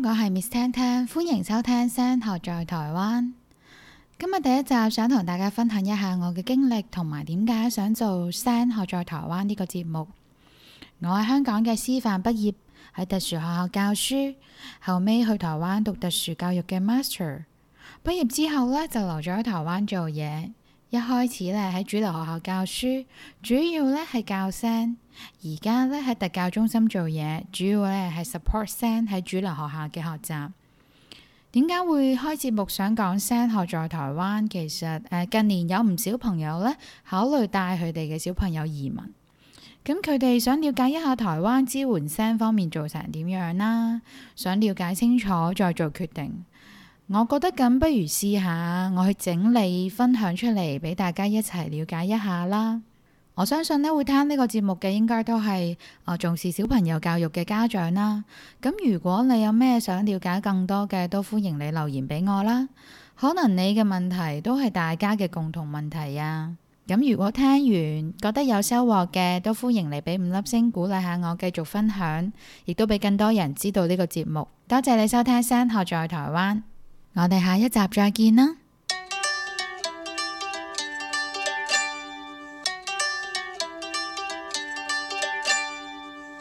我係 Miss Tan Tan 歡迎收聽 SEN 學在台灣。今日第一集，想同大家分享一下我嘅經歷，同埋點解想做 SEN 學在台灣呢個節目。我喺香港嘅師範畢業，喺特殊學校教書，後尾去台灣讀特殊教育嘅 Master。畢業之後呢，就留咗喺台灣做嘢。一開始呢，喺主流學校教書，主要呢係教聲。而家呢喺特教中心做嘢，主要呢係 support 聲喺主流學校嘅學習。點解會開節目想講聲學在台灣？其實誒，近年有唔少朋友呢考慮帶佢哋嘅小朋友移民，咁佢哋想了解一下台灣支援聲方面做成點樣啦，想了解清楚再做決定。我覺得咁不如試下我去整理分享出嚟，俾大家一齊了解一下啦。我相信呢會聽呢個節目嘅，應該都係我重視小朋友教育嘅家長啦。咁如果你有咩想了解更多嘅，都歡迎你留言俾我啦。可能你嘅問題都係大家嘅共同問題啊。咁如果聽完覺得有收穫嘅，都歡迎你俾五粒星鼓勵下我，繼續分享，亦都俾更多人知道呢個節目。多謝你收聽聲，升學在台灣。我哋下一集再見啦。